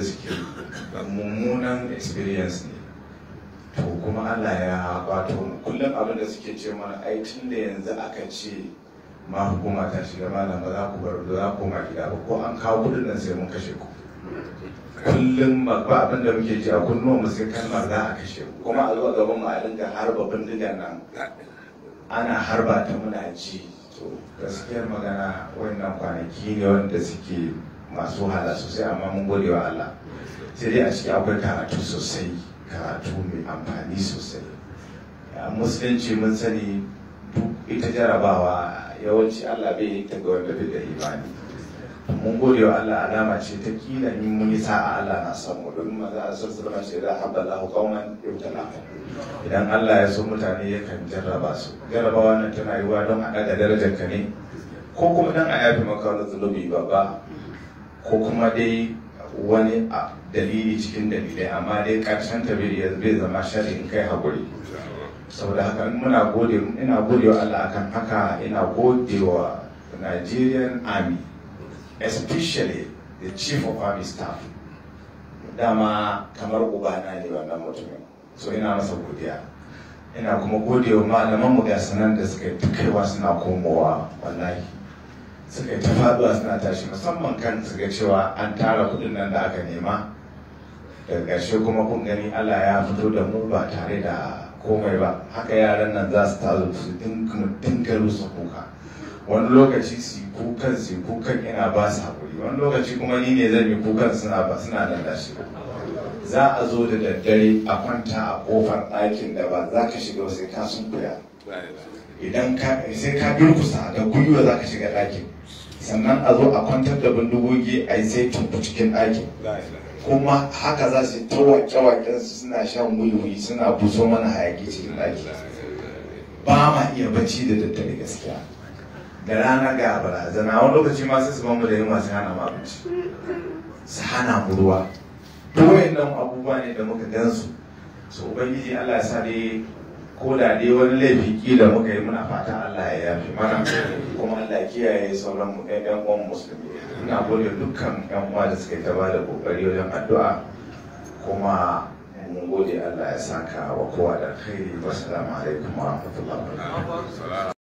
zikiri mummunan experience ne to kuma Allah ya wato kullum abin da suke ce mana ai tun da yanzu aka ce ma hukuma ta shiga malam ba za ku bar za ku ma gida ba ko an kawo kudin nan sai mun kashe ku kullum ba abin da muke ji a kunnuwa mu sai kalmar za a kashe ku kuma a zuwa gaban mu a dinga harba bindigan nan ana harba ta muna ji to gaskiyar magana wannan kwanaki ne wanda suke masu wahala sosai amma mun gode wa Allah sai dai a ciki akwai karatu sosai karatu mai amfani sosai musulunci mun sani duk ita jarabawa yawanci Allah bai ta ga wanda bai da imani mun gode wa Allah alama ce ta kila in mun yi sa'a Allah na san mu don maza a sun sulma ce da habba Allah qauman yutala idan Allah ya so mutane yakan jarraba su jarrabawa nan tana yiwa don a daga darajar ka ne ko kuma dan a yafi maka wani zulubi babba ko kuma dai wani dalili cikin dalilai amma dai karshen ta bai zama shari'a kai haƙuri saboda haka muna gode ina gode wa Allah akan haka ina gode wa Nigerian army especially the chief of army staff dama kamar na ne wannan mutumin so ina masa godiya ina kuma gode wa malaman mu ga da suka yi kaiwa suna komowa wallahi suka ta faduwa suna tashi musamman kan su ga cewa an tara kudin nan da aka nema daga ƙarshe kuma kun gani Allah ya fito da mu ba tare da komai ba haka yaran nan za su tazo su dinga su kuka wani lokaci su kukan su kukan ina ba su haƙuri wani lokaci kuma ni ne zan yi kukan suna ba suna lallashi za a zo da daddare a kwanta a kofar ɗakin da ba za ka shiga sai ka sun idan ka sai ka durkusa da gwiwa za ka shiga ɗakin sannan a zo a kwantar da bindigogi a yi sai tumbu cikin ɗakin kuma haka za su ta wake su suna shan wuyi suna buso mana hayaki cikin ɗaki ba ma iya bacci da daddare gaskiya da rana ga barazana wani lokaci ma sai su mu da yunwa su hana mabuci su hana mu ruwa duk abubuwa ne da muka gansu so ubangiji Allah ya sa dai ko da dai wani laifi kila muka yi muna fatan Allah ya yafi mana kuma Allah kiyaye sauran mu ɗan uwan musulmi ina gode dukkan ɗan uwa da suka ta bada kokari wajen addu'a kuma mun gode Allah ya saka wa kowa da kai wassalamu alaikum wa rahmatullahi wa barakatuh